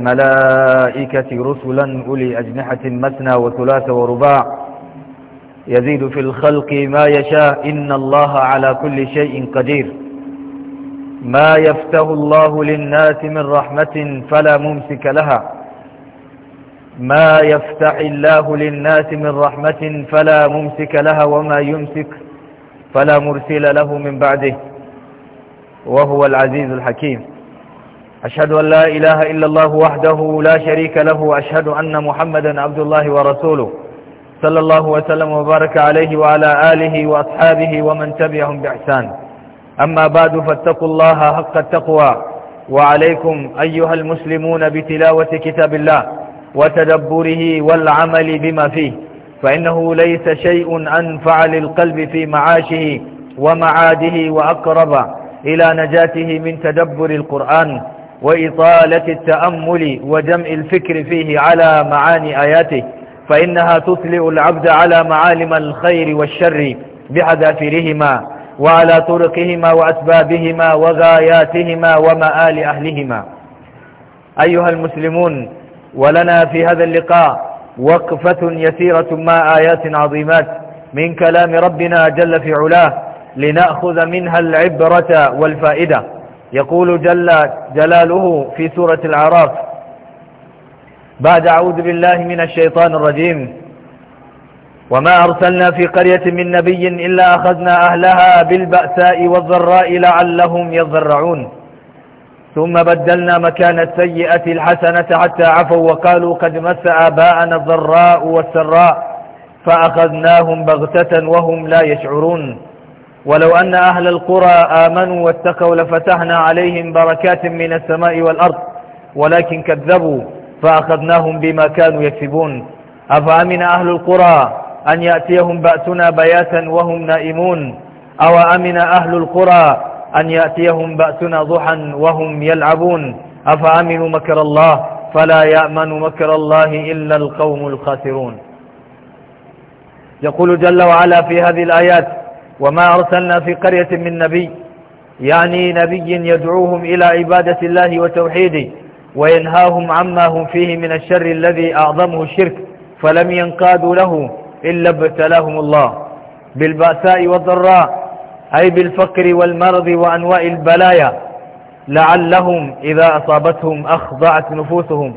الملائكة رسلا أولي أجنحة مثنى وثلاث ورباع يزيد في الخلق ما يشاء إن الله على كل شيء قدير ما يفته الله للناس من رحمة فلا ممسك لها ما يفتح الله للناس من رحمة فلا ممسك لها وما يمسك فلا مرسل له من بعده وهو العزيز الحكيم أشهد أن لا إله إلا الله وحده لا شريك له وأشهد أن محمدا عبد الله ورسوله صلى الله وسلم وبارك عليه وعلى آله وأصحابه ومن تبعهم بإحسان أما بعد فاتقوا الله حق التقوى وعليكم أيها المسلمون بتلاوة كتاب الله وتدبره والعمل بما فيه فإنه ليس شيء أنفع للقلب في معاشه ومعاده وأقرب إلى نجاته من تدبر القرآن وإطالة التأمل وجمع الفكر فيه على معاني آياته فإنها تثلئ العبد على معالم الخير والشر بحذافيرهما وعلى طرقهما وأسبابهما وغاياتهما ومآل أهلهما أيها المسلمون ولنا في هذا اللقاء وقفة يسيرة مع آيات عظيمات من كلام ربنا جل في علاه لنأخذ منها العبرة والفائدة يقول جل جلاله في سورة العراف بعد أعوذ بالله من الشيطان الرجيم وما أرسلنا في قرية من نبي إلا أخذنا أهلها بالبأساء والضراء لعلهم يضرعون ثم بدلنا مكان السيئة الحسنة حتى عفوا وقالوا قد مس آباءنا الضراء والسراء فأخذناهم بغتة وهم لا يشعرون ولو أن أهل القرى آمنوا واتقوا لفتحنا عليهم بركات من السماء والأرض ولكن كذبوا فأخذناهم بما كانوا يكسبون أفأمن أهل القرى أن يأتيهم بأسنا بياتا وهم نائمون أو أمن أهل القرى أن يأتيهم بأسنا ضحا وهم يلعبون أفأمنوا مكر الله فلا يأمن مكر الله إلا القوم الخاسرون يقول جل وعلا في هذه الآيات وما أرسلنا في قرية من نبي يعني نبي يدعوهم إلى عبادة الله وتوحيده وينهاهم عما هم فيه من الشر الذي أعظمه الشرك فلم ينقادوا له إلا ابتلاهم الله بالبأساء والضراء أي بالفقر والمرض وأنواع البلايا لعلهم إذا أصابتهم أخضعت نفوسهم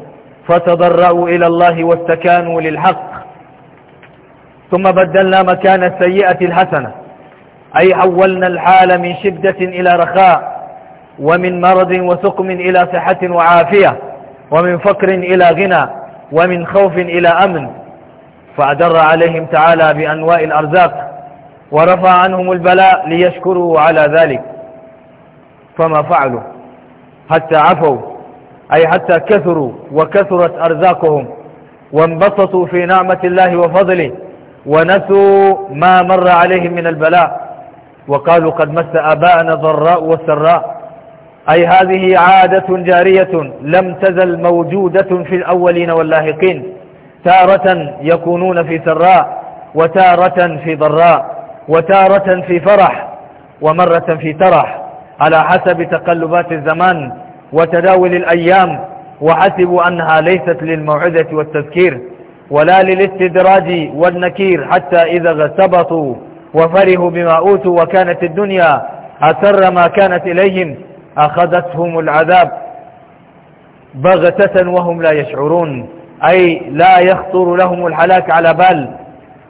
فتضرأوا إلى الله واستكانوا للحق ثم بدلنا مكان السيئة الحسنة أي حولنا الحال من شدة إلى رخاء ومن مرض وسقم إلى صحة وعافية ومن فقر إلى غنى ومن خوف إلى أمن فأدر عليهم تعالى بأنواع الأرزاق ورفع عنهم البلاء ليشكروا على ذلك فما فعلوا حتى عفوا أي حتى كثروا وكثرت أرزاقهم وانبسطوا في نعمة الله وفضله ونسوا ما مر عليهم من البلاء وقالوا قد مس أباءنا ضراء وسراء أي هذه عادة جارية لم تزل موجودة في الأولين واللاحقين تارة يكونون في سراء وتارة في ضراء وتارة في فرح ومرة في ترح على حسب تقلبات الزمان وتداول الأيام وحسبوا أنها ليست للموعظة والتذكير ولا للاستدراج والنكير حتى إذا اغتبطوا وفرهوا بما أوتوا وكانت الدنيا أسر ما كانت إليهم أخذتهم العذاب بغتة وهم لا يشعرون أي لا يخطر لهم الحلاك على بال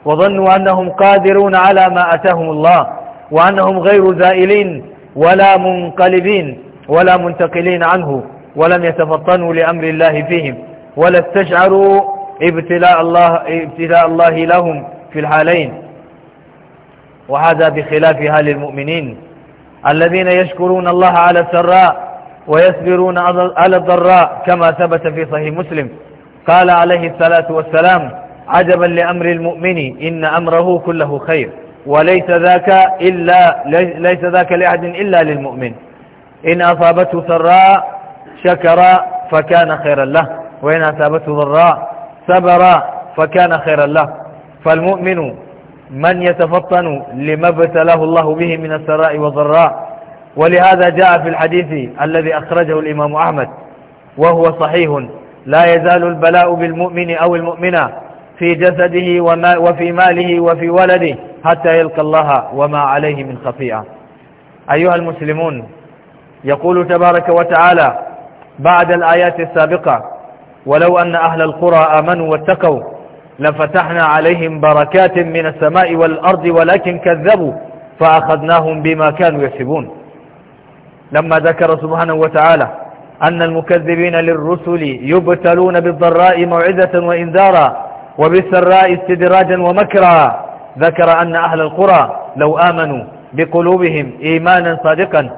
وظنوا أنهم قادرون على ما أتاهم الله وأنهم غير زائلين ولا منقلبين ولا منتقلين عنه ولم يتفطنوا لأمر الله فيهم ولا استشعروا ابتلاء الله, ابتلاء الله لهم في الحالين وهذا بخلافها للمؤمنين الذين يشكرون الله على السراء ويصبرون على الضراء كما ثبت في صحيح مسلم قال عليه الصلاة والسلام عجبا لأمر المؤمن إن أمره كله خير وليس ذاك إلا ليس ذاك لأحد إلا للمؤمن إن أصابته سراء شكر فكان خيرا له وإن أصابته ضراء صبر فكان خيرا له فالمؤمن من يتفطن لما ابتلاه الله به من السراء والضراء ولهذا جاء في الحديث الذي أخرجه الإمام أحمد وهو صحيح لا يزال البلاء بالمؤمن أو المؤمنة في جسده وما وفي ماله وفي ولده حتى يلقى الله وما عليه من خطيئة أيها المسلمون يقول تبارك وتعالى بعد الآيات السابقة ولو أن أهل القرى آمنوا واتقوا لفتحنا عليهم بركات من السماء والأرض ولكن كذبوا فأخذناهم بما كانوا يكسبون لما ذكر سبحانه وتعالى أن المكذبين للرسل يبتلون بالضراء موعظة وإنذارا وبالسراء استدراجا ومكرا ذكر أن أهل القرى لو آمنوا بقلوبهم إيمانا صادقا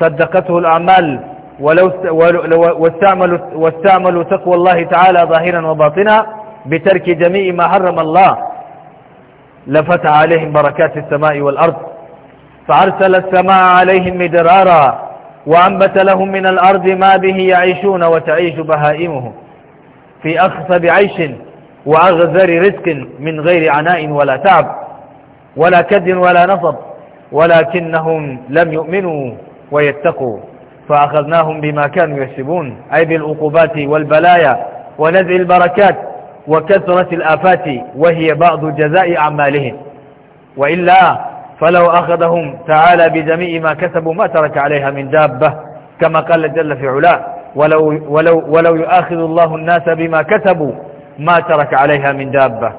صدقته الأعمال ولو واستعملوا, واستعملوا تقوى الله تعالى ظاهرا وباطنا بترك جميع ما حرم الله لفتح عليهم بركات السماء والأرض فأرسل السماء عليهم مدرارا وأنبت لهم من الأرض ما به يعيشون وتعيش بهائمهم في أخصب عيش وأغذر رزق من غير عناء ولا تعب ولا كد ولا نصب ولكنهم لم يؤمنوا ويتقوا فأخذناهم بما كانوا يكسبون أي بالعقوبات والبلايا ونزع البركات وكثرة الآفات وهي بعض جزاء أعمالهم وإلا فلو أخذهم تعالى بجميع ما كسبوا ما ترك عليها من دابة كما قال جل في علاه ولو, ولو, ولو يؤاخذ الله الناس بما كسبوا ما ترك عليها من دابة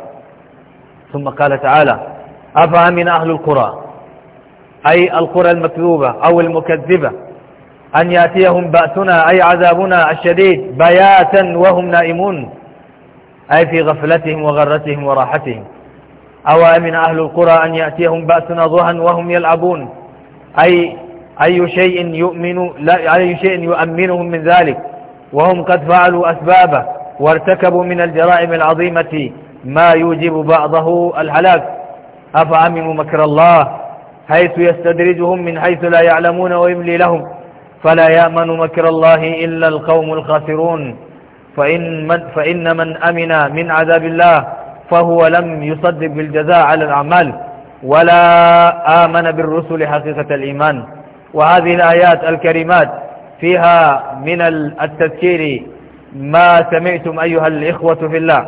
ثم قال تعالى أفأمن أهل القرى أي القرى المكذوبة أو المكذبة أن يأتيهم بأسنا أي عذابنا الشديد بياتا وهم نائمون أي في غفلتهم وغرتهم وراحتهم أو أمن أهل القرى أن يأتيهم بأسنا ضحا وهم يلعبون أي أي شيء يؤمن لا أي شيء يؤمنهم من ذلك وهم قد فعلوا أسبابه وارتكبوا من الجرائم العظيمة ما يوجب بعضه الهلاك أفأمنوا مكر الله حيث يستدرجهم من حيث لا يعلمون ويملي لهم فلا يأمن مكر الله إلا القوم الخاسرون فإن من, فإن من أمن من عذاب الله فهو لم يصدق بالجزاء على الأعمال ولا آمن بالرسل حقيقة الإيمان وهذه الآيات الكريمات فيها من التذكير ما سمعتم أيها الإخوة في الله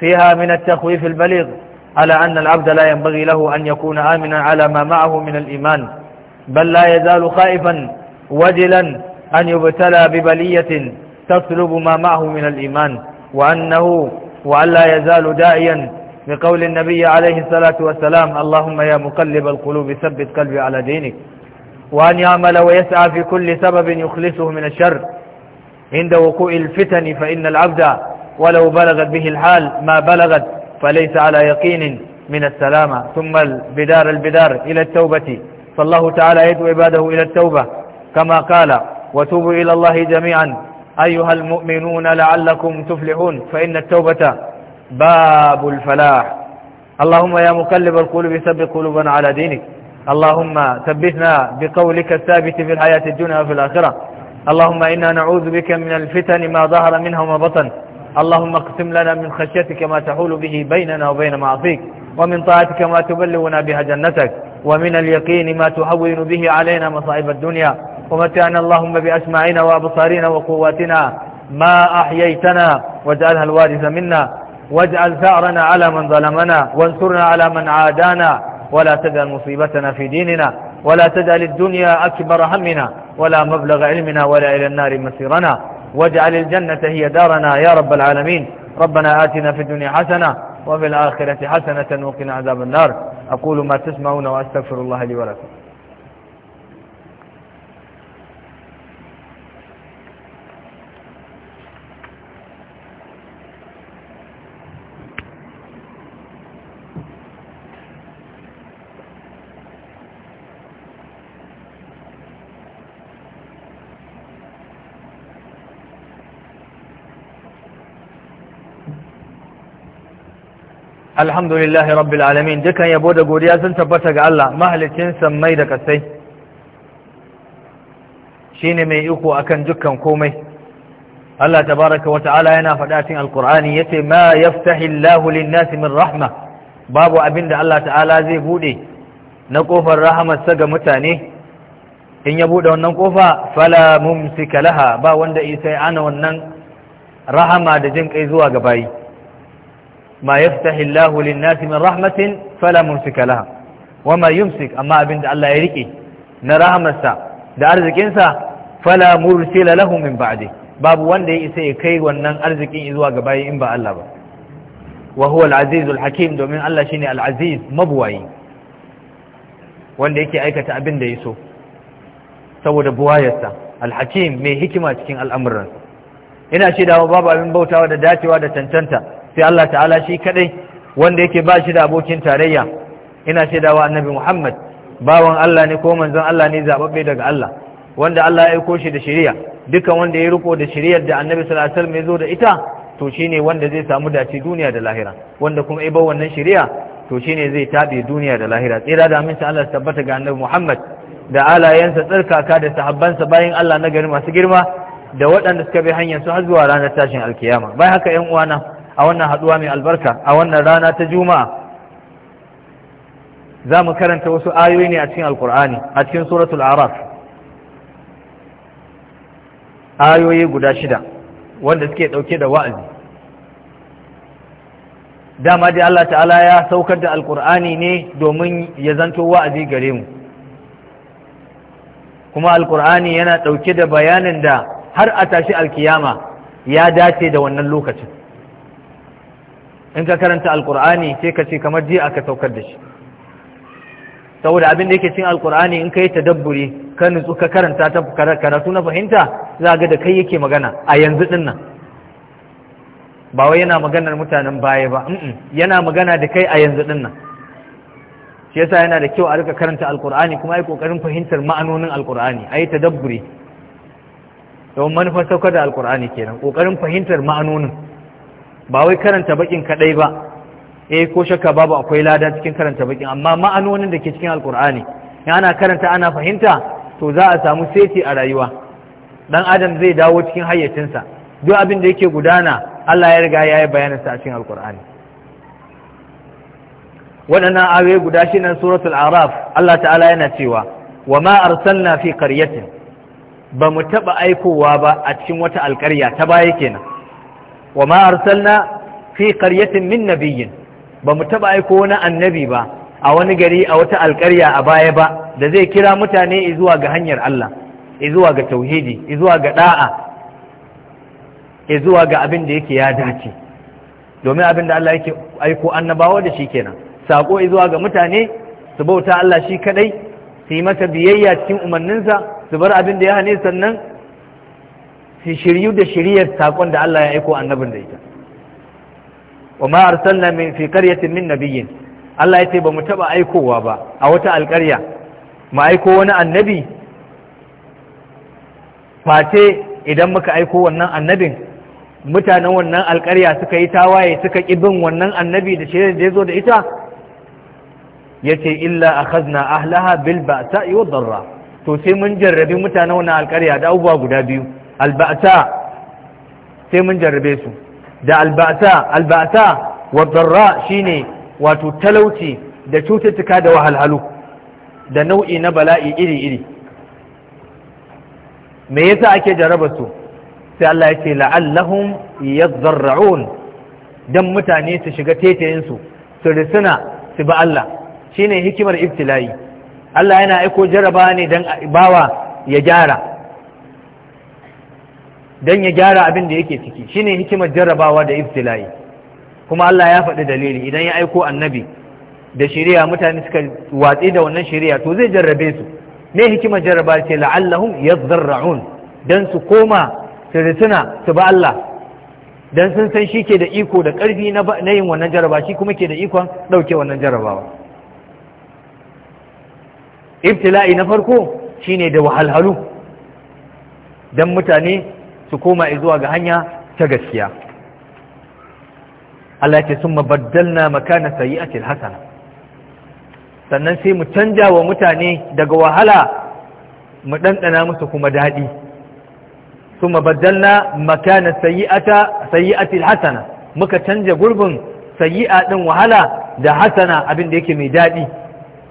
فيها من التخويف البليغ على أن العبد لا ينبغي له أن يكون آمنا على ما معه من الإيمان بل لا يزال خائفا وجلا أن يبتلى ببلية تطلب ما معه من الإيمان وأنه وأن لا يزال داعيا بقول النبي عليه الصلاة والسلام اللهم يا مقلب القلوب ثبت قلبي على دينك وأن يعمل ويسعى في كل سبب يخلصه من الشر عند وقوع الفتن فإن العبد ولو بلغت به الحال ما بلغت فليس على يقين من السلامة ثم البدار البدار إلى التوبة فالله تعالى يدعو عباده إلى التوبة كما قال وتوبوا إلى الله جميعا أيها المؤمنون لعلكم تفلحون فإن التوبة باب الفلاح اللهم يا مقلب القلوب ثبت قلوبنا على دينك اللهم ثبتنا بقولك الثابت في الحياة الدنيا وفي الآخرة اللهم إنا نعوذ بك من الفتن ما ظهر منها وما بطن اللهم اقسم لنا من خشيتك ما تحول به بيننا وبين معصيك ومن طاعتك ما تبلغنا بها جنتك ومن اليقين ما تهون به علينا مصائب الدنيا ومتعنا اللهم بأسماعنا وأبصارنا وقواتنا ما أحييتنا واجعلها الوارث منا واجعل ثأرنا على من ظلمنا وانصرنا على من عادانا ولا تجعل مصيبتنا في ديننا ولا تجعل الدنيا أكبر همنا ولا مبلغ علمنا ولا إلى النار مسيرنا واجعل الجنة هي دارنا يا رب العالمين ربنا آتنا في الدنيا حسنة وفي الآخرة حسنة وقنا عذاب النار أقول ما تسمعون وأستغفر الله لي ولكم alhamdulillah rabbil alamin dukan yabo da godiya sun tabbata ga Allah mahalicin mai da kasai shine mai iko akan dukan komai Allah tabaraka wa ta'ala yana faɗa cikin alqur'ani yace ma Allahu lin-nasi min rahma babu abinda Allah ta'ala zai bude na kofar sa ga mutane in ya bude wannan kofa fala mumsika laha ba wanda isa ana wannan rahama da jin kai zuwa ga bayi ma yaftahi Allahu lin-nasi min rahmatin fala mumsika laha wama yumsik amma abinda Allah ya rike na rahamarsa da arzikinsa fala mursila lahu min ba'di babu wanda ya isa ya kai wannan arzikin zuwa ga bayi in ba Allah ba wa huwa al domin Allah shine al-aziz mabuwayi wanda yake aikata abin da ya iso saboda buwayarsa alhakim hakim mai hikima cikin al'amuran ina shaidawa babu abin bautawa da dacewa da tantanta sai Allah ta'ala shi kadai wanda yake ba shi da abokin tarayya ina shaidawa annabi Muhammad bawan Allah ne ko manzon Allah ne zababbe daga Allah wanda Allah ya aiko shi da shari'a dukan wanda ya riko da shari'ar da annabi sallallahu alaihi wasallam ya zo da ita to shine wanda zai samu dace duniya da lahira wanda kuma ba wannan shari'a to shine zai tabe duniya da lahira tsira da aminci Allah ya tabbata ga annabi Muhammad da alayensa tsarkaka da sahabbansa bayan Allah na gari masu girma da waɗanda suka bi hanyar su har zuwa ranar tashin alkiyama Bai haka ƴan uwana a wannan haɗuwa mai albarka a wannan rana ta juma'a za mu karanta wasu ayoyi ne a cikin alkur'ani a cikin suratul araf ayoyi guda shida wanda suke ɗauke da wa'azi dama dai Allah ta'ala ya saukar da alkur'ani ne domin ya zanto wa'azi gare mu kuma alkur'ani yana ɗauke da bayanin da har a tashi alkiyama ya dace da wannan lokacin in ka karanta alkur'ani sai ka ce kamar jiya aka saukar da shi saboda abin da yake cin alkur'ani in ka yi ta dabburi, ka nutsu ka karanta ta karatu na fahimta za ga da kai yake magana a yanzu din nan ba wai yana maganar mutanen baya ba yana magana da kai a yanzu din nan shi yasa yana da kyau a rika karanta alkur'ani kuma ai kokarin fahimtar ma'anonin alkur'ani ai dabburi. don manufar saukar da alkur'ani kenan kokarin fahimtar ma'anonin ba wai karanta bakin kadai ba eh ko shakka babu akwai lada cikin karanta bakin amma ma'anonin da ke cikin alkur'ani in ana karanta ana fahimta to za a samu seti a rayuwa dan adam zai dawo cikin hayyacinsa duk abin da yake gudana Allah ya riga ya yi sa a cikin alkur'ani waɗannan ayoyi guda shi nan suratul araf Allah ta'ala yana cewa wa ma arsalna fi qaryatin ba mu taɓa aikowa ba a cikin wata alƙarya ta baya kenan wa ma arsalna fi qaryatin min nabiyyin ba mu taba aiko wani annabi ba a wani gari a wata alƙarya a baya ba da zai kira mutane zuwa ga hanyar Allah zuwa ga tauhidi zuwa ga da'a zuwa ga abin da yake ya dace domin abin da Allah yake aiko annabawa da shi kenan sako zuwa ga mutane su bauta Allah shi kadai su yi masa biyayya cikin umarninsa su bar abin da ya hane sannan su shiryu da shiryar saƙon da Allah ya aiko annabin da ita wa ma arsalna min fi qaryatin min nabiyyin Allah ya ce ba mu taba aikowa ba a wata alƙarya mu aiko wani annabi face idan muka aiko wannan annabin mutanen wannan alƙarya suka yi tawaye suka ƙi bin wannan annabi da shirin da ya zo da ita ya ce illa a khazna ahlaha bil sa'i wa darra to sai mun jarrabi mutanen wannan alƙarya da abubuwa guda biyu alba'ta sai mun jarrabe su da alba'ta alba'ta wa darra shine wato talauci da cututtuka da wahalhalu da nau'i na bala'i iri-iri me yasa ake jarraba su sai Allah ya ce la'allahum yadharra'un dan mutane su shiga tetayen su su risuna su ba Allah shine hikimar ibtila'i Allah yana aiko jarraba ne dan bawa ya gyara don ya gyara abin da yake ciki shine hikimar jarrabawa da ibtila'i kuma Allah ya faɗi dalili idan ya aiko annabi da shari'a mutane suka watsi da wannan shari'a to zai jarrabe su ne hikimar jarraba ce la'allahum yadharra'un dan su koma su rituna su ba Allah dan sun san shi ke da iko da ƙarfi na yin wannan jarraba shi kuma ke da ikon ɗauke wannan jarrabawa ibtila'i na farko shine da wahalhalu dan mutane su koma zuwa ga hanya ta gaskiya Allah ce sun mabaddalna makana sayyi'atil hasana sannan sai mu canja wa mutane daga wahala mu ɗanɗana musu kuma daɗi sun mabaddalna makana sayyi'atil hasana muka canja gurbin sayi'a ɗin wahala da hasana abin da yake mai daɗi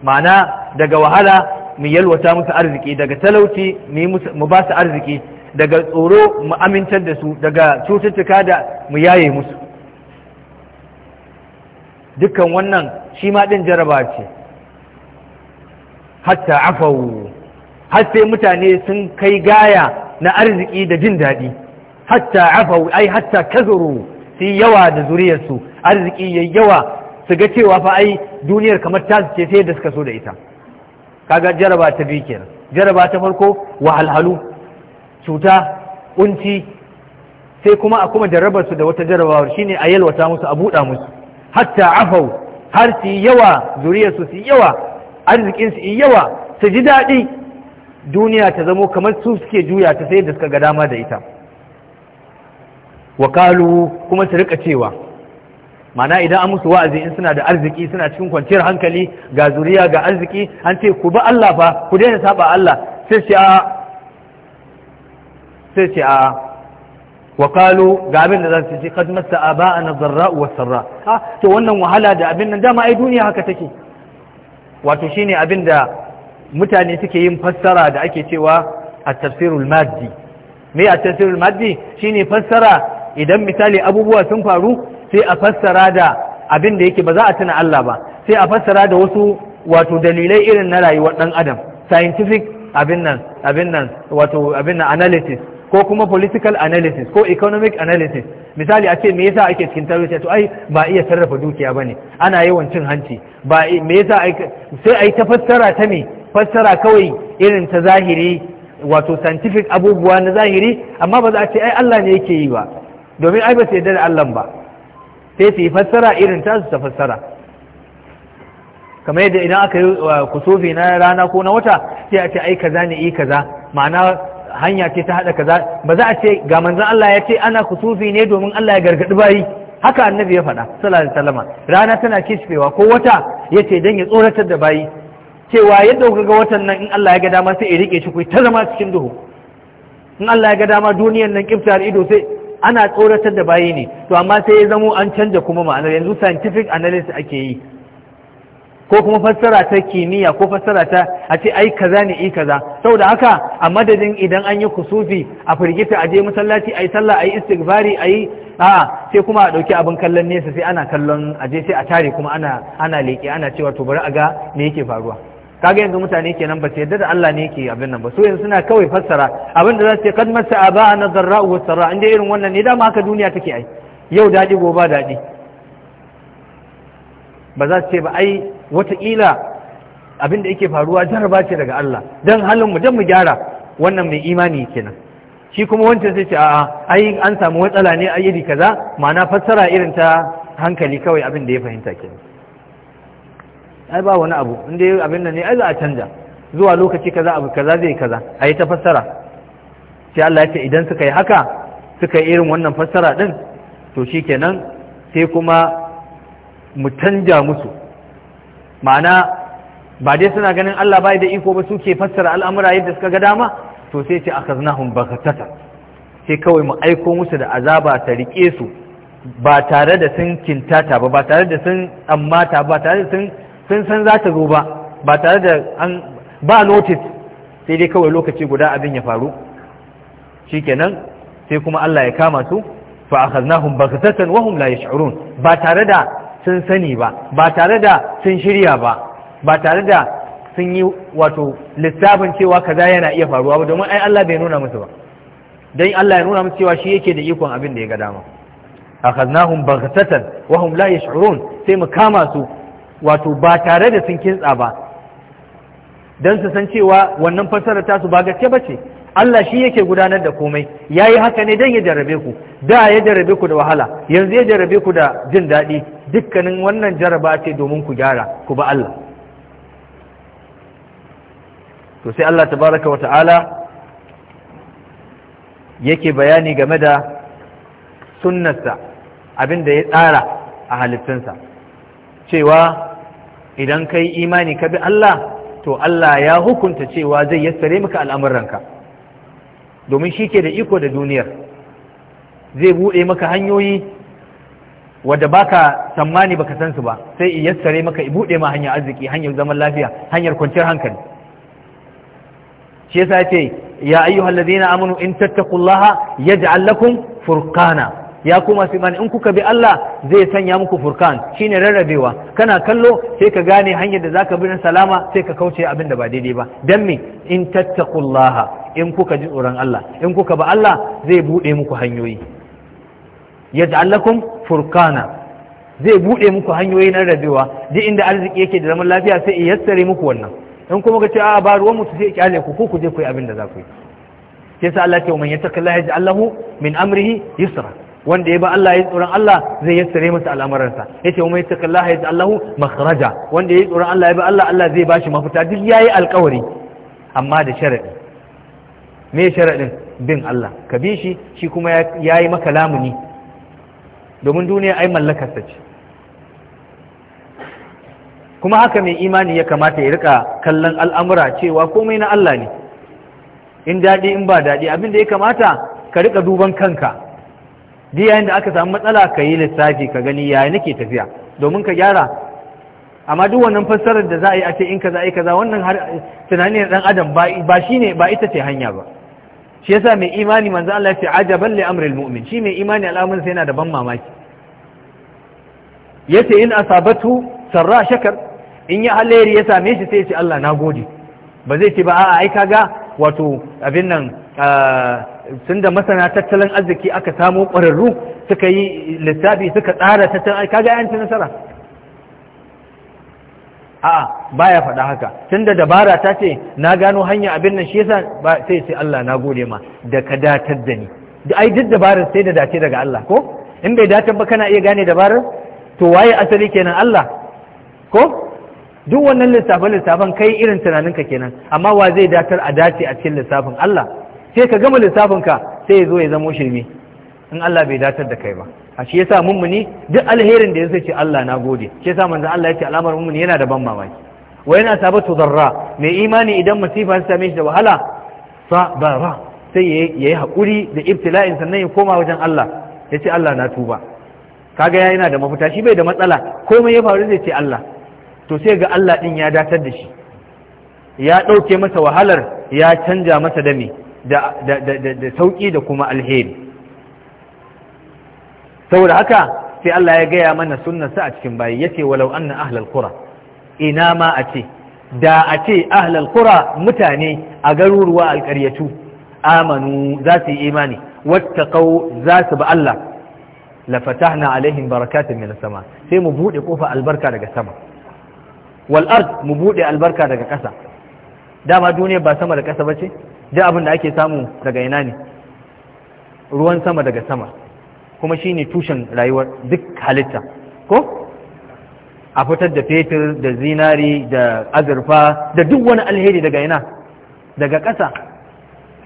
ma'ana daga wahala mu yalwata musu arziki daga talauci mu ba su arziki daga tsoro mu amintar da su daga cututtuka da mu yaye musu dukkan wannan shi ma ɗin jaraba ce hatta afawu har sai mutane sun kai gaya na arziki da jin daɗi hatta afawu ai hatta kazuru su yawa da zuriyarsu arziki yayi yawa su ga cewa fa ai duniyar kamar ta ce sai da suka so da ita kaga jaraba ta biyu kenan jaraba ta farko wahalhalu cuta kunci sai kuma a kuma jarrabar su da wata jarrabawar shine a yalwata musu a buɗa musu hatta afau har su yawa zuriyar su yawa arzikin su yawa su ji daɗi duniya ta zamo kamar su suke juya ta sai da suka ga dama da ita wakalu kuma su rika cewa mana idan an musu wa'azi in suna da arziki suna cikin kwanciyar hankali ga zuriya ga arziki an ce ku bi Allah fa ku daina saba Allah sai sai sai ce a وقالوا ga abin da za su ce kad masa aba'ana dharra wa sarra ha to wannan wahala da abin nan dama ai duniya haka take wato shine abin da mutane suke yin fassara da ake cewa a tafsirul maddi me a tafsirul maddi shine fassara idan misali abubuwa sun faru sai a fassara da abin da yake ba za a tuna Allah ba sai a fassara da wasu wato dalilai irin na rayuwar dan adam scientific abin nan abin nan wato abin nan analysis ko kuma political analysis ko economic analysis misali a ce me yasa ake cikin talauci to ai ba iya sarrafa dukiya bane ana yawan cin hanci ba me yasa sai ai ta fassara ta me fassara kawai irin ta zahiri wato scientific abubuwa na zahiri amma ba za a ce ai Allah ne yake yi ba domin ai ba su yarda da Allah ba sai su yi fassara irin ta su ta fassara kamar yadda idan aka yi uh, kusufi na rana ko na wata sai a ce ai kaza ne i kaza ma'ana hanya ce ta haɗa kaza ba za a ce ga manzon Allah ya ce ana kusufi ne domin Allah ya gargaɗi bayi haka annabi ya faɗa sallallahu alaihi rana tana kishfewa ko wata yace dan ya tsoratar da bayi cewa yadda kuka ga watan nan in Allah ya ga dama sai ya rike shi ku ta zama cikin duhu in Allah ya ga dama duniyar nan kiftar ido sai ana tsoratar da bayi ne to amma sai ya zamo an canja kuma ma'anar yanzu scientific analysis ake yi ko kuma fassara ta kimiyya ko fassara ta a ce ai kaza ne i kaza saboda haka a madadin idan an yi kusufi a firgita a je masallaci ai sallah ai istighfari ai a sai kuma a dauki abin kallon nesa sai ana kallon a je sai a tare kuma ana ana leke ana cewa to bari a ga me yake faruwa kaga yanzu mutane kenan ba su yadda da Allah ne yake abin nan ba so yanzu suna kawai fassara abin da za su ce kad masa aba na zarra wa sarra inda irin wannan ne dama haka duniya take ai yau dadi gobe dadi ba za su ce ba ai wataƙila abin da yake faruwa jaraba ce daga Allah don halinmu don mu gyara wannan mai imani kenan shi kuma wancan sai ce a'a ai an samu matsala ne a iri kaza ma'ana fassara irin ta hankali kawai abin da ya fahimta kenan ai ba wani abu inda abin da ne ai za a canja zuwa lokaci kaza abu kaza zai kaza a yi ta fassara sai Allah ya ce idan suka yi haka suka yi irin wannan fassara din to shi kenan sai kuma mu canja musu ma'ana ba dai suna ganin Allah bai da iko ba suke fassara al'amura yadda suka ga dama to sai ce hun bakatata sai kawai mu aiko musu da azaba ta rike su ba tare da sun kintata ba ba tare da sun ammata ba tare da sun sun san za ta zo ba ba tare da an ba notice sai dai kawai lokaci guda abin ya faru shikenan sai kuma Allah ya kama su fa akhadnahum baghtatan wa hum la yash'urun ba tare da sun sani ba ba tare da sun shirya ba ba tare da sun yi wato lissafin cewa kaza yana iya faruwa ba domin ai Allah bai nuna musu ba dan Allah ya nuna musu cewa shi yake da ikon abin da ya ga dama akhadnahum baghtatan wa hum la yash'urun sai mu kama su wato ba tare da sun kintsa ba dan su san cewa wannan fasara ta su ba gaske bace Allah shi yake gudanar da komai yayi haka ne dan ya jarrabe ku da ya jarrabe ku da wahala yanzu ya jarrabe ku da jin daɗi dukkanin wannan jaraba ce domin ku gyara ku ba Allah to sai Allah tabaraka wata'ala yake bayani game da sunnarsa abinda ya tsara a halittunsa cewa idan kai imani ka bi Allah to Allah ya hukunta cewa zai yassare maka al'amuranka domin shi ke da iko da duniyar zai buɗe maka hanyoyi wadda baka tsammani baka san su ba sai i yassare maka i bude ma hanyar arziki hanyar zaman lafiya hanyar kwanciyar hankali shi yasa yace ya ayyuhal ladina amanu in tattaqullaha yaj'al lakum furqana ya kuma su imani in kuka bi Allah zai sanya muku furkan shine rarrabewa kana kallo sai ka gane hanyar da zaka bi na salama sai ka kauce abin da ba daidai ba dan me in tattaqullaha in kuka ji tsoron Allah in kuka ba Allah zai bude muku hanyoyi yaj'al lakum furkana zai buɗe muku hanyoyi na rabewa duk inda arziki yake da zaman lafiya sai ya yassare muku wannan in kuma ka ce a ba ruwan mutu sai kyale ku ko ku je ku yi abin da za ku yi sai sa Allah ya ce man yattaqillah yaj'al lahu min amrihi yusra wanda ya ba Allah ya tsoron Allah zai yassare masa al'amuransa yace man yattaqillah yaj'al lahu makhraja wanda ya tsoron Allah ya ba Allah Allah zai bashi mafita duk yayi alƙawari amma da sharadi me sharadin bin Allah ka bi shi shi kuma yayi maka lamuni domin duniya ai mallakarsa ce kuma haka mai imani ya kamata ya rika kallon al'amura cewa komai na Allah ne in daɗi in ba daɗi abin da ya kamata ka rika duban kanka duk yayin da aka samu matsala ka yi lissafi ka gani yaya nake tafiya domin ka gyara amma duk wannan fassarar da za a yi a ce in kaza ai kaza wannan har tunanin dan adam ba shi ne ba ita ce hanya ba shi yasa mai imani manzo Allah ce ajaban li amril almu'min shi mai imani al'amun sai yana da ban mamaki yace in asabatu sarra shakar in ya halayri ya same shi sai ya ce Allah na gode ba zai ce ba a ai kaga wato abin nan tun da masana tattalin arziki aka samo ƙwararru suka yi lissafi suka tsara tattalin kaga yanci nasara a baya faɗa haka tunda dabara ta ce na gano hanya abin nan shi yasa sai sai Allah na gode ma da ka datar da ni ai duk dabarar sai da dace daga Allah ko in bai datar ba kana iya gane dabarar to waye asali kenan Allah ko duk wannan lissafin-lissafin kai irin tunanin ka kenan amma wa zai datar a dace a cikin lissafin Allah sai ka gama lissafin ka sai ya zo ya zama shirme in Allah bai datar da kai ba a shi yasa mummuni duk alherin da ya ce Allah na gode shi yasa manzo Allah ya alamar mummuni yana da ban mamaki wa yana sabatu darra mai imani idan masifa ta same shi da wahala sabara sai yayi hakuri da ibtila'in sannan ya koma wajen Allah ya ce Allah na tuba kaga yana da mafita shi bai da matsala komai ya faru zai ce Allah to sai ga Allah din ya datar da shi ya dauke masa wahalar ya canja masa da me da sauki da kuma alheri saboda haka sai Allah ya gaya mana sunnarsa a cikin bayi yace walau anna ahlal qura ina ma a ce da a ce ahlal qura mutane a garuruwa alƙaryatu amanu za su yi imani wattaqau za su ba Allah la fatahna alaihim barakatun min sama sai mu bude kofa albarka daga sama wal ard mu bude albarka daga ƙasa dama duniya ba sama da ƙasa bace da abin da ake samu daga ina ne ruwan sama daga sama kuma shine tushen rayuwar duk halitta ko a fitar da fetur da zinari da azurfa da duk wani alheri daga ina daga ƙasa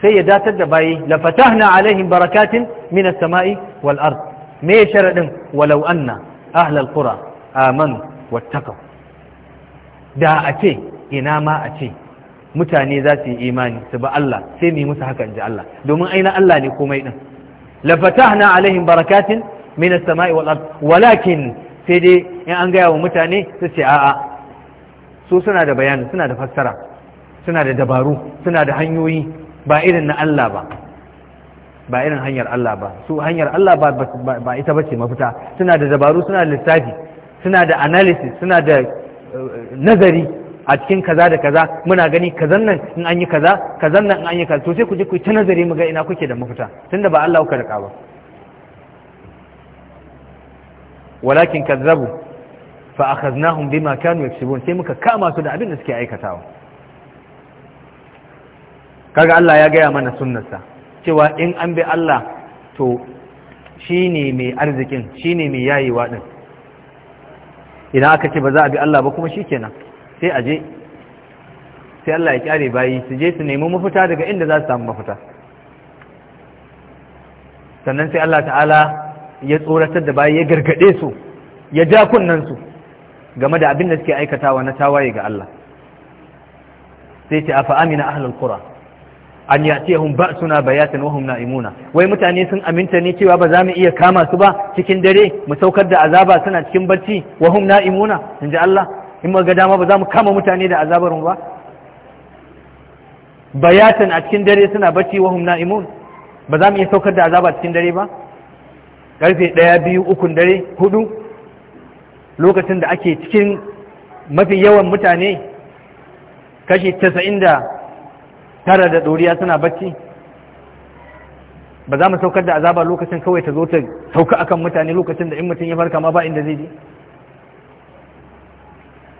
sai ya datar da bayi la fatahna alaihim barakatin min as-sama'i wal ard me sharadin walau anna ahla al-qura amanu wattaqu da a ce ina ma a ce mutane za su yi imani su ba Allah sai mu yi musu haka inji Allah domin aina Allah ne komai din lafatahna alaihim barakatin min as-sama'i wal ard walakin sai dai in an gaya wa mutane su ce a'a su suna da bayani suna da fassara suna da dabaru suna da hanyoyi ba irin na Allah ba ba irin hanyar Allah ba su hanyar Allah ba ba ita bace mafita suna da dabaru suna da lissafi suna da analysis suna da eh, nazari a cikin kaza da kaza muna gani kazan nan in an yi kaza kazan nan in an yi kaza to sai ku je ku ta nazari mu ga ina kuke da mafita tunda ba Allah kuka rika ba walakin kazzabu fa akhadnahum bima kanu yaksubun sai muka kama su da abin da suke aikatawa kaga Allah ya gaya mana sunnarsa cewa in an bi Allah to shine mai arzikin shine mai yayewa din idan aka ce ba za a bi Allah ba kuma shikenan sai a je sai Allah ya kyare bayi su je su nemi mafita daga inda za su samu mafita sannan sai Allah ta'ala ya tsoratar da bayi ya gargade su ya ja kunnen su game da abin da suke aikatawa na tawaye ga Allah sai ce afa amina ahlul qura an yatihum ba'suna bayatan wa hum na'imuna wai mutane sun aminta ne cewa ba za mu iya kama su ba cikin dare mu saukar da azaba suna cikin barci wa hum na'imuna ji Allah in ma ga dama ba za mu kama mutane da azabar ba bayatan a cikin dare suna bacci wa hum na'imun ba za mu iya saukar da azaba cikin dare ba karfe daya biyu ukun dare hudu lokacin da ake cikin mafi yawan mutane kashi casa'in da tara da ɗoriya suna bacci ba za mu saukar da azaba lokacin kawai ta zo ta sauka akan mutane lokacin da in mutum ya farka ma ba inda zai je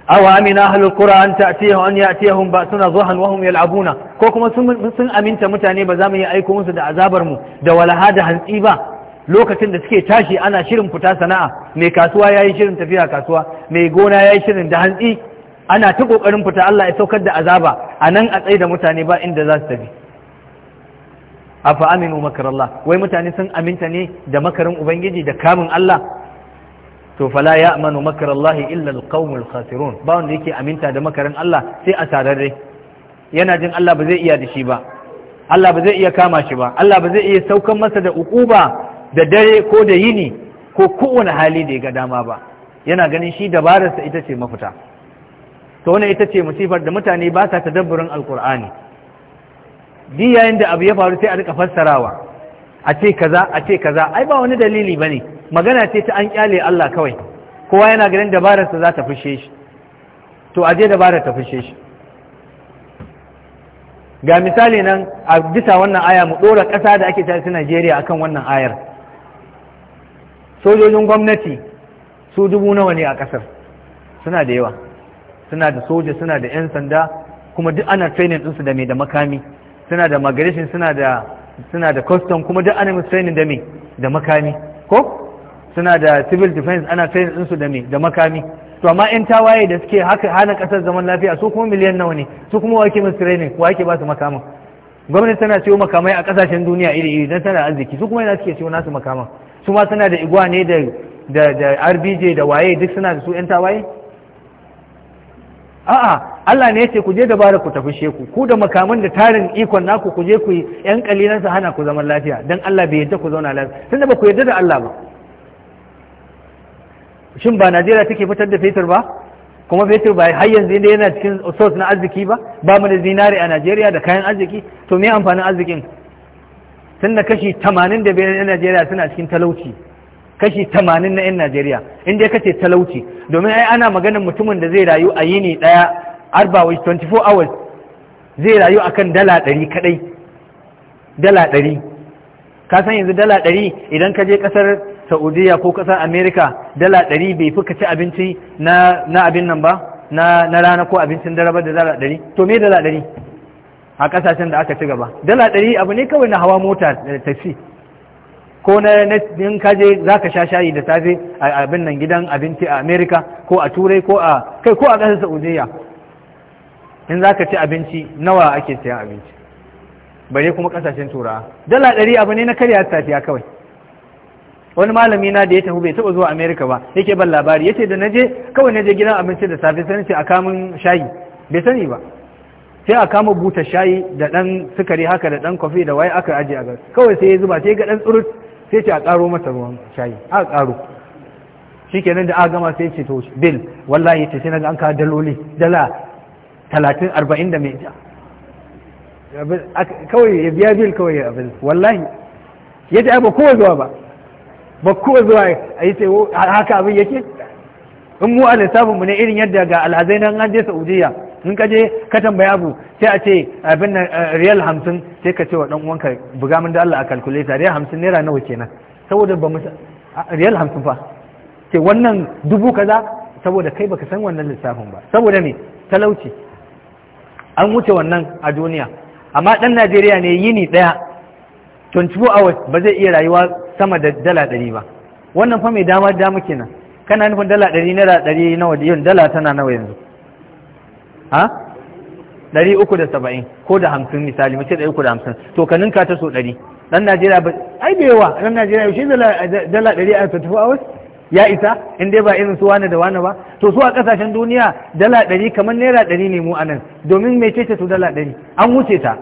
aw amina ahlul qura an ta'tiyahum an ya'tiyahum ba'suna zuhan wa hum ko kuma sun aminta mutane ba za mu yi aiko musu da azabar mu da walaha da hantsi ba lokacin da suke tashi ana shirin fita sana'a mai kasuwa yi shirin tafiya kasuwa mai gona yayi shirin da hantsi ana ta kokarin fita Allah ya saukar da azaba a nan a tsaye da mutane ba inda za su tafi afa aminu makarallah wai mutane sun aminta ne da makarin ubangiji da kamun Allah to fala ya amanu makarallahi illa alqaumul khasirun ba wanda yake aminta da makarin Allah sai a tararre yana jin Allah ba zai iya da shi ba Allah ba zai iya kama shi ba Allah ba zai iya saukan masa da ukuba da dare ko da yini ko kowane hali da ya ga dama ba yana ganin shi dabararsa ita ce mafita to wannan ita ce musifar da mutane ba sa tadabburin alqur'ani di yayin da abu ya faru sai a rika fassarawa a ce kaza a ce kaza ai ba wani dalili bane magana ce ta an kyale Allah kawai kowa yana ganin dabararsa za ta fushe shi to a je dabarar ta fushe shi ga misali nan a bisa wannan aya mu ɗora ƙasa da ake tare ta Najeriya akan wannan ayar sojojin gwamnati su dubu nawa ne a ƙasar suna da yawa suna da soja suna da 'yan sanda kuma duk ana training ɗinsu da mai da makami suna da migration suna da suna da custom kuma duk ana training da mai da makami ko suna da civil defense ana kai ɗinsu da me da makami to amma yan tawaye da suke haka hana ƙasar zaman lafiya su kuma miliyan nawa ne su kuma wake musu training wa wake ba su makaman gwamnati tana siyo makamai a ƙasashen duniya iri iri don tana arziki su kuma yana suke siyo nasu makaman su ma suna da igwa ne da da da rbj da waye duk suna da su yan tawaye a'a Allah ne yace ku je bara ku tafi sheku ku da makaman da tarin ikon naku ku je ku yan kalilan su hana ku zaman lafiya dan Allah bai yarda ku zauna lafiya tunda ba ku yarda da Allah ba shin ba najeriya take fitar da fetur ba kuma fetur ba har yanzu inda yana cikin source na arziki ba ba mu da zinari a najeriya da kayan arziki to me amfanin arzikin tun da kashi 85 na najeriya suna cikin talauci kashi 80 na 'yan najeriya in kace talauci domin ai ana maganar mutumin da zai rayu a yini daya arba 24 hours zai rayu akan dala 100 kadai dala 100 ka san yanzu dala 100 idan ka je kasar saudiya ko kasar amerika dala ɗari bai fi ka ci abinci na abin nan ba na rana ko abincin dare ba da dala ɗari to me dala ɗari a ƙasashen da aka ci gaba dala ɗari abu ne kawai na hawa mota da tafi ko na in kaje za ka sha shayi da safe a abin nan gidan abinci a amerika ko a turai ko a kai ko a ƙasar saudiya in za ka ci abinci nawa ake siyan abinci bare kuma ƙasashen turawa dala ɗari abu ne na karya safiya kawai wani malami na da ya tafi bai taba zuwa America ba yake ban labari yace da naje kawai naje gidan abinci da safe sai nace a kamun shayi bai sani ba sai a kama buta shayi da dan sukari haka da dan kofi da waye aka aje a gar kawai sai ya zuba sai ga dan tsurut sai ce a karo masa ruwan shayi a karo shikenan da aka gama sai ce to bill wallahi ce sai naga an ka daloli dala talatin arba'in da mai kawai ya biya bil kawai ya abin wallahi ya ji ba kowa zuwa ba ba zuwa a yi haka abin yake in mu a lissafin mu ne irin yadda ga alhazai na an je saudiya in ka je ka tambaya abu sai a ce abin na eh, riyal hamsin sai ka ce wa dan uwanka buga min da Allah a calculator riyal hamsin naira nawa kenan saboda ba musa riyal hamsin fa ce wannan dubu kaza saboda kai baka san wannan lissafin ba saboda me talauci an wuce wannan a duniya amma dan Najeriya ne yini daya 24 hours ba zai iya rayuwa sama da dala ɗari ba wannan fa mai dama dama kenan kana nufin dala ɗari naira ɗari nawa yau dala tana nawa yanzu ha ɗari uku da saba'in ko da hamsin misali mace ɗari uku da hamsin to ka ninka ta so ɗari ɗan najeriya ba ai da yawa ɗan najeriya yaushe dala ɗari a tattafi a wasu ya isa in dai ba irin su wane da wane ba to su a kasashen duniya dala ɗari kamar naira ɗari ne mu anan domin mai ce su dala ɗari an wuce ta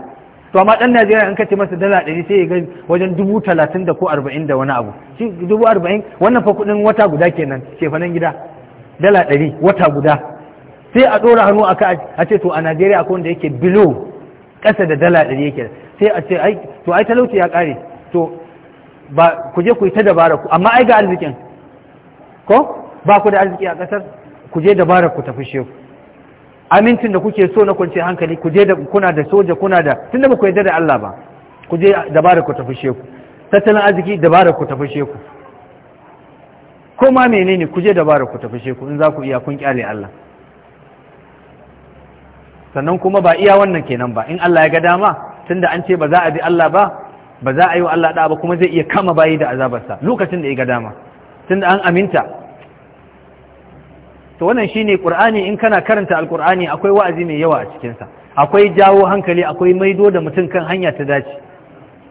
to amma dan Najeriya in ka ce masa dala ɗari sai ya ga wajen dubu talatin da ko arba'in da wani abu shi dubu arba'in wannan fa kuɗin wata guda kenan cefanen gida dala ɗari wata guda sai a ɗora hannu a a ce to a Najeriya akwai wanda yake below ƙasa da dala ɗari yake sai a ce ai to ai talauci ya ƙare to ba ku je ku yi ta dabara ku amma ai ga arzikin ko ba ku da arziki a ƙasar ku je dabara ku tafi shehu amincin da kuke so na kwanciyar hankali ku je da kuna da soja kuna da tunda ba ku yarda da Allah ba ku je dabara ku tafi sheku tattalin arziki dabara ku tafi sheku ko ma menene ku je dabara ku tafi sheku in za ku iya kun kyale Allah sannan kuma ba iya wannan kenan ba in Allah ya ga dama tunda an ce ba za a bi Allah ba ba za a yi wa Allah da ba kuma zai iya kama bayi da azabarsa lokacin da ya ga dama tunda an aminta to wannan shine qur'ani in kana karanta alqur'ani akwai wa'azi mai yawa a cikin sa akwai jawo hankali akwai maido da mutum kan hanya ta dace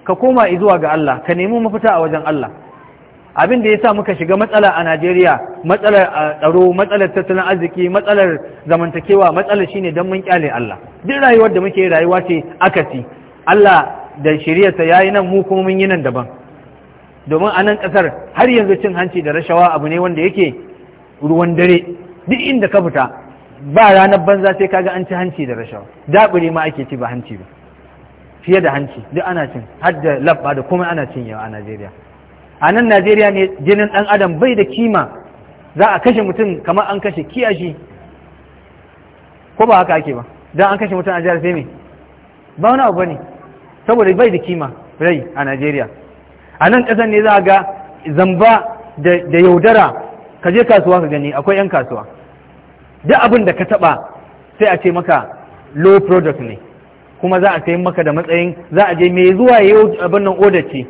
ka koma zuwa ga Allah ka nemi mafita a wajen Allah abin da yasa muka shiga matsala a Najeriya matsalar tsaro matsalar tattalin arziki matsalar zamantakewa matsalar shine dan mun kyale Allah duk rayuwar da muke rayuwa ce akasi Allah da shiriyarsa yayi nan mu kuma mun yi nan daban domin a nan kasar har yanzu cin hanci da rashawa abu ne wanda yake ruwan dare duk inda ka fita ba ranar banza sai kaga an ci hanci da rashawa dabure ma ake ci ba hanci ba fiye da hanci duk ana cin har da labba da kuma ana cin yawa a Najeriya a nan Najeriya ne jinin ɗan adam bai da kima za a kashe mutum kamar an kashe kiyashi ko ba haka ake ba dan an kashe mutum a jihar sai me ba wani abu bane saboda bai da kima rai a Najeriya a nan ƙasar ne za a ga zamba da yaudara ka je kasuwa ka gani akwai 'yan kasuwa duk abin da ka taɓa sai a ce maka low product ne kuma za a sai maka da matsayin za a je mai zuwa yau abin nan oda ce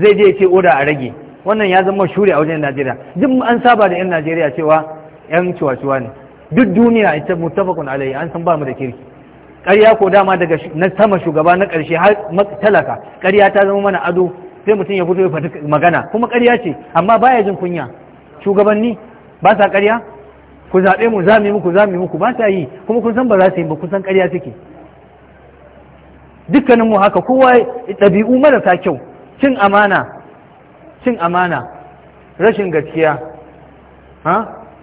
zai je ce oda a rage wannan ya zama shuri a wajen najeriya duk an saba da 'yan najeriya cewa 'yan ciwa ne duk duniya ita mutafakun alayi an san ba mu da kirki ƙarya ko dama daga na sama shugaba na ƙarshe har talaka ƙarya ta zama mana ado sai mutum ya fito ya faɗi magana kuma ƙarya ce amma baya jin kunya shugabanni ba sa ƙarya ku zaɓe mu za mu yi muku za mu yi muku ba sa yi kuma kun san ba za su yi ba kun san ƙarya suke dukkanin mu haka kowa ɗabi'u marasa kyau cin amana cin amana rashin gaskiya ha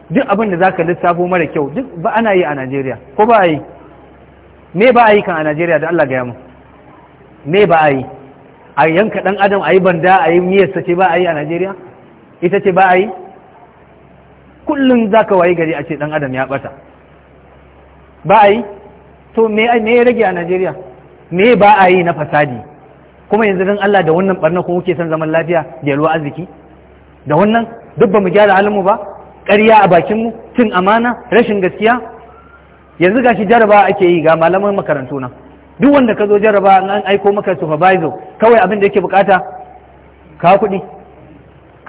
duk abin da zaka lissafo mara kyau duk ba ana yi a Najeriya ko ba a yi me ba a yi kan a Najeriya da Allah gaya mu me ba a yi a yanka dan adam a yi banda a yi miyar ce ba a yi a Najeriya ita ce ba a yi kullum za ka waye gari a ce ɗan adam ya bata ba a yi to me ya rage a najeriya me ba a yi na fasadi kuma yanzu don allah da wannan barna kuma kuke son zaman lafiya da yalwa arziki da wannan duk ba mu gyara halin mu ba ƙarya a bakin mu cin amana rashin gaskiya yanzu gashi jaraba ake yi ga malaman makarantu na duk wanda ka zo jaraba an aiko maka supervisor kawai abin da yake bukata ka kuɗi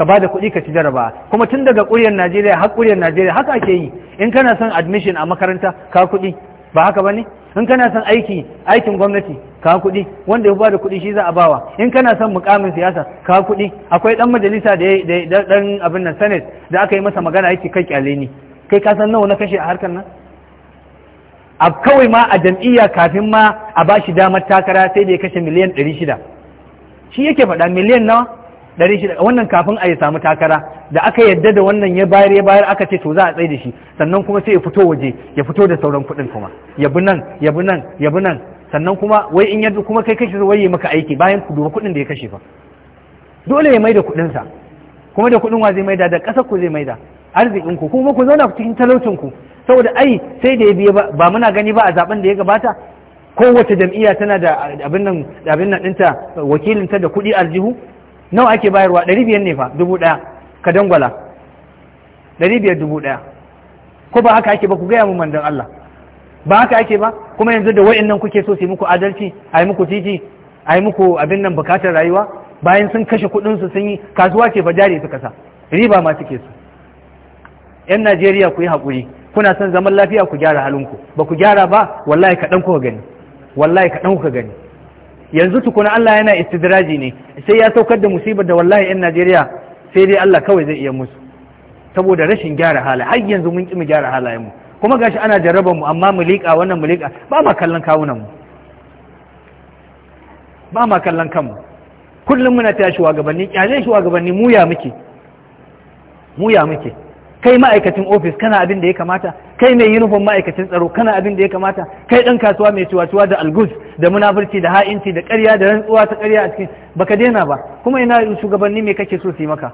ka ba da kuɗi ka ci jaraba kuma tun daga ƙuryar najeriya har ƙuryar najeriya haka ake yi in kana son admission a makaranta ka kuɗi ba haka ba ne in kana son aiki aikin gwamnati ka kuɗi wanda ya bada kuɗi shi za a bawa in kana son mukamin siyasa ka kuɗi akwai ɗan majalisa da ɗan abin nan senate da aka yi masa magana yake kai kyale ne kai ka san nawa na kashe a harkar nan a kawai ma a jam'iyya kafin ma a ba shi damar takara sai da ya kashe miliyan ɗari shida shi yake faɗa miliyan nawa ɗari shida wannan kafin a yi samu takara da aka yadda da wannan ya bayar ya bayar aka ce to za a tsaye da shi sannan kuma sai ya fito waje ya fito da sauran kuɗin kuma ya bi nan ya bi nan ya bi nan sannan kuma wai in yadda kuma kai kashe wai ya maka aiki bayan ku duba kuɗin da ya kashe fa dole ya maida kuɗinsa kuma da kuɗin wa zai maida da ƙasar ku zai maida arzikin ku kuma ku zauna cikin talaucin ku saboda ai sai da ya biya ba muna gani ba a zaben da ya gabata kowace jam'iyya tana da abin nan abin nan ɗinta wakilinta da kuɗi aljihu nawa ake bayarwa ɗari biyar ne fa dubu ɗaya ka dangwala ɗari biyar dubu ɗaya ko ba haka ake ba ku gaya mu mandan Allah ba haka ake ba kuma yanzu da wa'in nan kuke so su yi muku adalci a yi muku titi a yi muku abin nan bukatar rayuwa bayan sun kashe kuɗinsu sun yi kasuwa ce fa jari su sa riba ma suke su yan Najeriya ku yi haƙuri kuna son zaman lafiya ku gyara halinku ba ku gyara ba wallahi kaɗan kuka gani wallahi kaɗan kuka gani yanzu tukuna Allah yana istidraji ne sai ya saukar da musibar da wallahi yan Najeriya sai dai Allah kawai zai iya musu saboda rashin gyara halaye har yanzu mun ki mu gyara halayen mu kuma gashi ana jarraba mu amma mu liƙa wannan mu liƙa ba ma kallon kawunan mu ba ma kallon kanmu kullum muna taya shugabanni kyale shugabanni mu ya muke mu ya muke kai ma'aikacin ofis kana abin da ya kamata kai mai unifom ma'aikacin tsaro kana abin da ya kamata kai ɗan kasuwa mai ciwaciwa da algus da munafurci da ha'inci da ƙarya da rantsuwa ta ƙarya a cikin baka daina ba kuma ina shugabanni me kake so su yi maka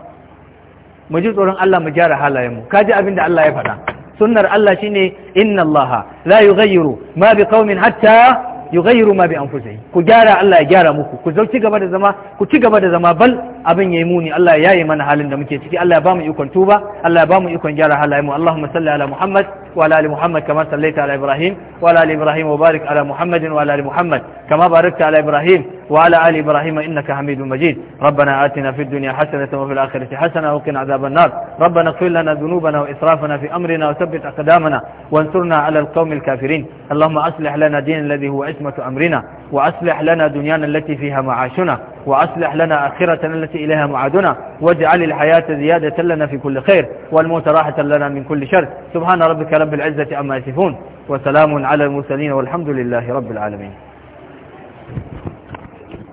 mu ji tsoron Allah mu gyara halayenmu ka ji abin da Allah ya faɗa sunnar Allah shine inna Allah la yughayyiru ma biqaumin hatta yughayyiru ma bi anfusihim ku gyara Allah ya gyara muku ku zo ci gaba da zama ku ci gaba da zama bal abin yayi muni Allah ya yi mana halin da muke ciki Allah ya bamu ikon tuba Allah ya bamu ikon gyara halayenmu Allahumma salli ala Muhammad وعلى آل محمد كما صليت على إبراهيم وعلى آل إبراهيم وبارك على محمد وعلى آل محمد كما باركت على إبراهيم وعلى آل إبراهيم إنك حميد مجيد ربنا آتنا في الدنيا حسنة وفي الآخرة حسنة وقنا عذاب النار ربنا اغفر لنا ذنوبنا وإسرافنا في أمرنا وثبت أقدامنا وانصرنا على القوم الكافرين اللهم أصلح لنا دين الذي هو عصمة أمرنا وأصلح لنا دنيانا التي فيها معاشنا وأصلح لنا آخرتنا التي إليها معادنا واجعل الحياة زيادة لنا في كل خير والموت راحة لنا من كل شر سبحان ربك رب العزة أما يصفون وسلام على المرسلين والحمد لله رب العالمين